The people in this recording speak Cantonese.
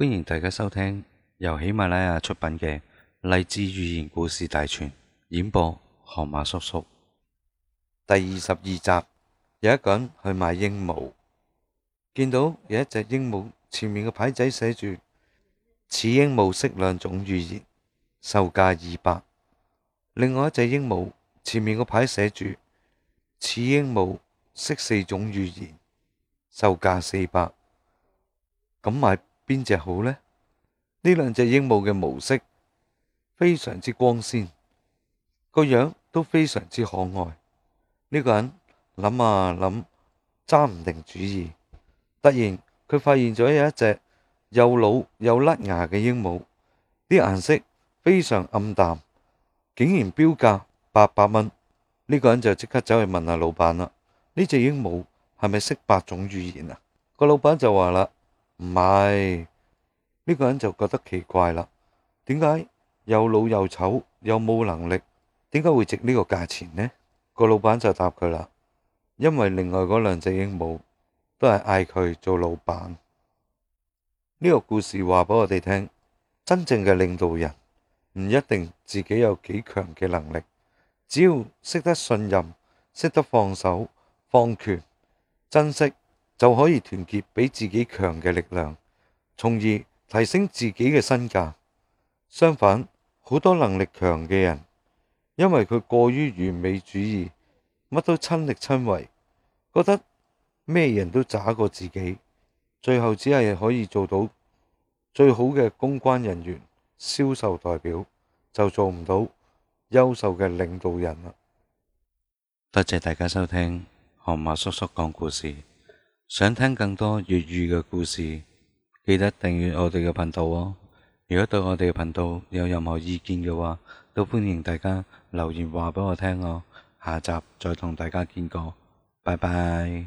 歡迎大家收聽由喜馬拉雅出品嘅《勵志寓言故事大全》，演播河馬叔叔，第二十二集。有一個人去買鸚鵡，見到有一隻鸚鵡前面個牌仔寫住此鸚鵡識兩種語言，售價二百；另外一隻鸚鵡前面個牌寫住此鸚鵡識四種語言，售價四百。咁買？邊隻好呢？呢兩隻鸚鵡嘅毛色非常之光鮮，個樣都非常之可愛。呢個人諗啊諗，揸唔定主意。突然佢發現咗有一隻又老又甩牙嘅鸚鵡，啲顏色非常暗淡，竟然標價八百蚊。呢個人就即刻走去問下老闆啦：呢隻鸚鵡係咪識八種語言啊？個老闆就話啦。唔係。呢個人就覺得奇怪啦，點解又老又醜又冇能力，點解會值呢個價錢呢？個老闆就答佢啦，因為另外嗰兩隻鸚鵡都係嗌佢做老闆。呢個故事話俾我哋聽，真正嘅領導人唔一定自己有幾強嘅能力，只要識得信任、識得放手、放權、珍惜。就可以團結比自己強嘅力量，從而提升自己嘅身價。相反，好多能力強嘅人，因為佢過於完美主義，乜都親力親為，覺得咩人都渣過自己，最後只係可以做到最好嘅公關人員、銷售代表，就做唔到優秀嘅領導人啦。多謝大家收聽河馬叔叔講故事。想聽更多粵語嘅故事，記得訂閱我哋嘅頻道哦。如果對我哋嘅頻道有任何意見嘅話，都歡迎大家留言話俾我聽哦。下集再同大家見過，拜拜。